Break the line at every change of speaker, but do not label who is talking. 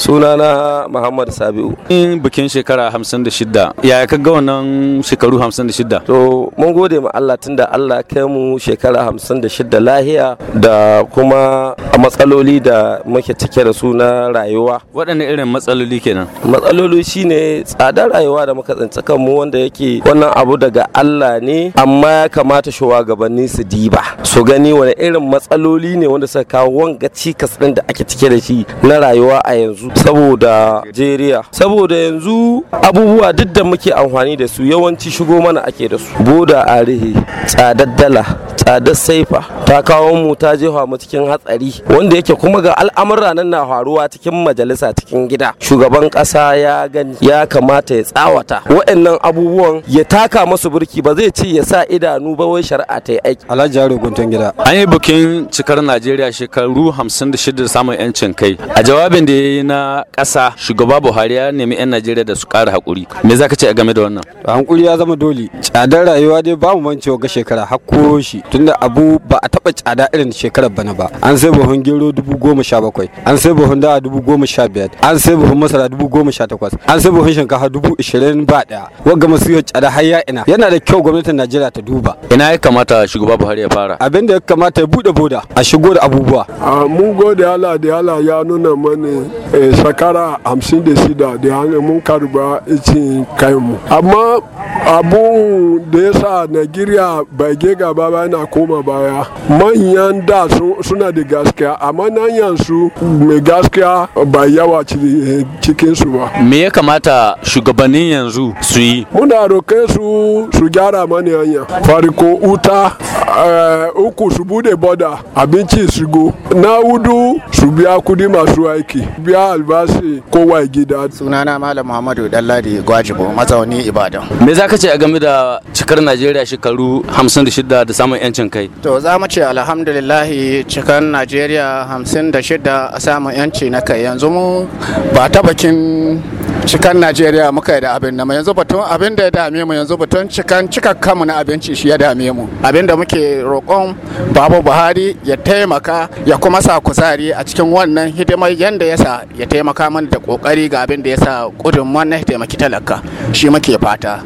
sunana muhammad sabiu in bikin shekara 56 yaya ka ga wannan shekaru 56 to mun gode ma Allah tunda Allah kai mu shekara 56 lahiya da kuma matsaloli da muke cike da su na rayuwa waɗanne irin
matsaloli kenan
matsaloli shine tsadar rayuwa da muka tsinci kanmu wanda yake wannan abu daga Allah ne amma ya kamata shugabanni su diba su gani wani irin matsaloli ne wanda suka kawo wanga cikas ɗin da ake cike da shi na rayuwa a yanzu saboda jeriya. saboda yanzu abubuwa duk da muke amfani da su yawanci shigo mana ake da su boda arihi tsadar dala tsadar saifa ta kawo mu ta jefa mu cikin hatsari wanda yake kuma ga al'amuran nan na faruwa cikin majalisa cikin gida shugaban kasa ya gani ya kamata ya tsawata waɗannan abubuwan ya taka masu burki ba zai ci ya sa idanu ba wai shari'a ta yi aiki alhaji jaro guntun gida an
yi bikin cikar najeriya shekaru 56 da samun yancin kai a jawabin da ya yi na ƙasa shugaba buhari ya nemi 'yan najeriya da su ƙara haƙuri me za ka ce game da wannan
hakuri ya zama dole tsadar rayuwa dai ba mu mancewa ga shekara hakko shi tunda abu ba a taba tsada irin shekarar bana ba an sai buhun gero dubu goma sha bakwai an sai buhun dawa dubu goma sha biyar an sai buhun masara dubu goma sha takwas an sai buhun shinkafa dubu ishirin ba daya wagga masu yau tsada har ya ina yana da kyau gwamnatin najeriya ta duba ina ya kamata shugaba buhari ya fara abin da ya kamata ya bude boda a shigo da abubuwa
a mu gode ala da ala ya nuna mani eh, sakara hamsin da shida da mun karba icin kayanmu amma abun da ya sa nigeria bage gaba ba yana koma baya manyan da suna da gaskiya amma nan yansu mai gaskiya ba yawa cikin su ba
me ya kamata shugabannin yanzu su yi
muna roƙe su su gyara mani hanya fariko uta eh, uku su bude boda abinci su go na hudu su biya kudi masu aiki biya albashi kowa gida sunana malam muhammadu
dalladi gwajibo mazauni ibadan me za ka ce a game
da cikar najeriya shekaru 56 da samun yancin kai
to za mu ce alhamdulillahi cikar najeriya 56 a samun yanci na kai yanzu mu ba ta bakin cikan najeriya muka da abin nama, yanzu batun abin da ya dame mu yanzu batun cikan cikakka mu na abinci shi ya dame mu abin da muke roƙon babu buhari ya taimaka ya kuma sa kuzari a cikin wannan hidimar yadda ya sa ya taimaka mana da ƙoƙari ga abin da ya sa ƙudun wannan taimaki talaka shi muke fata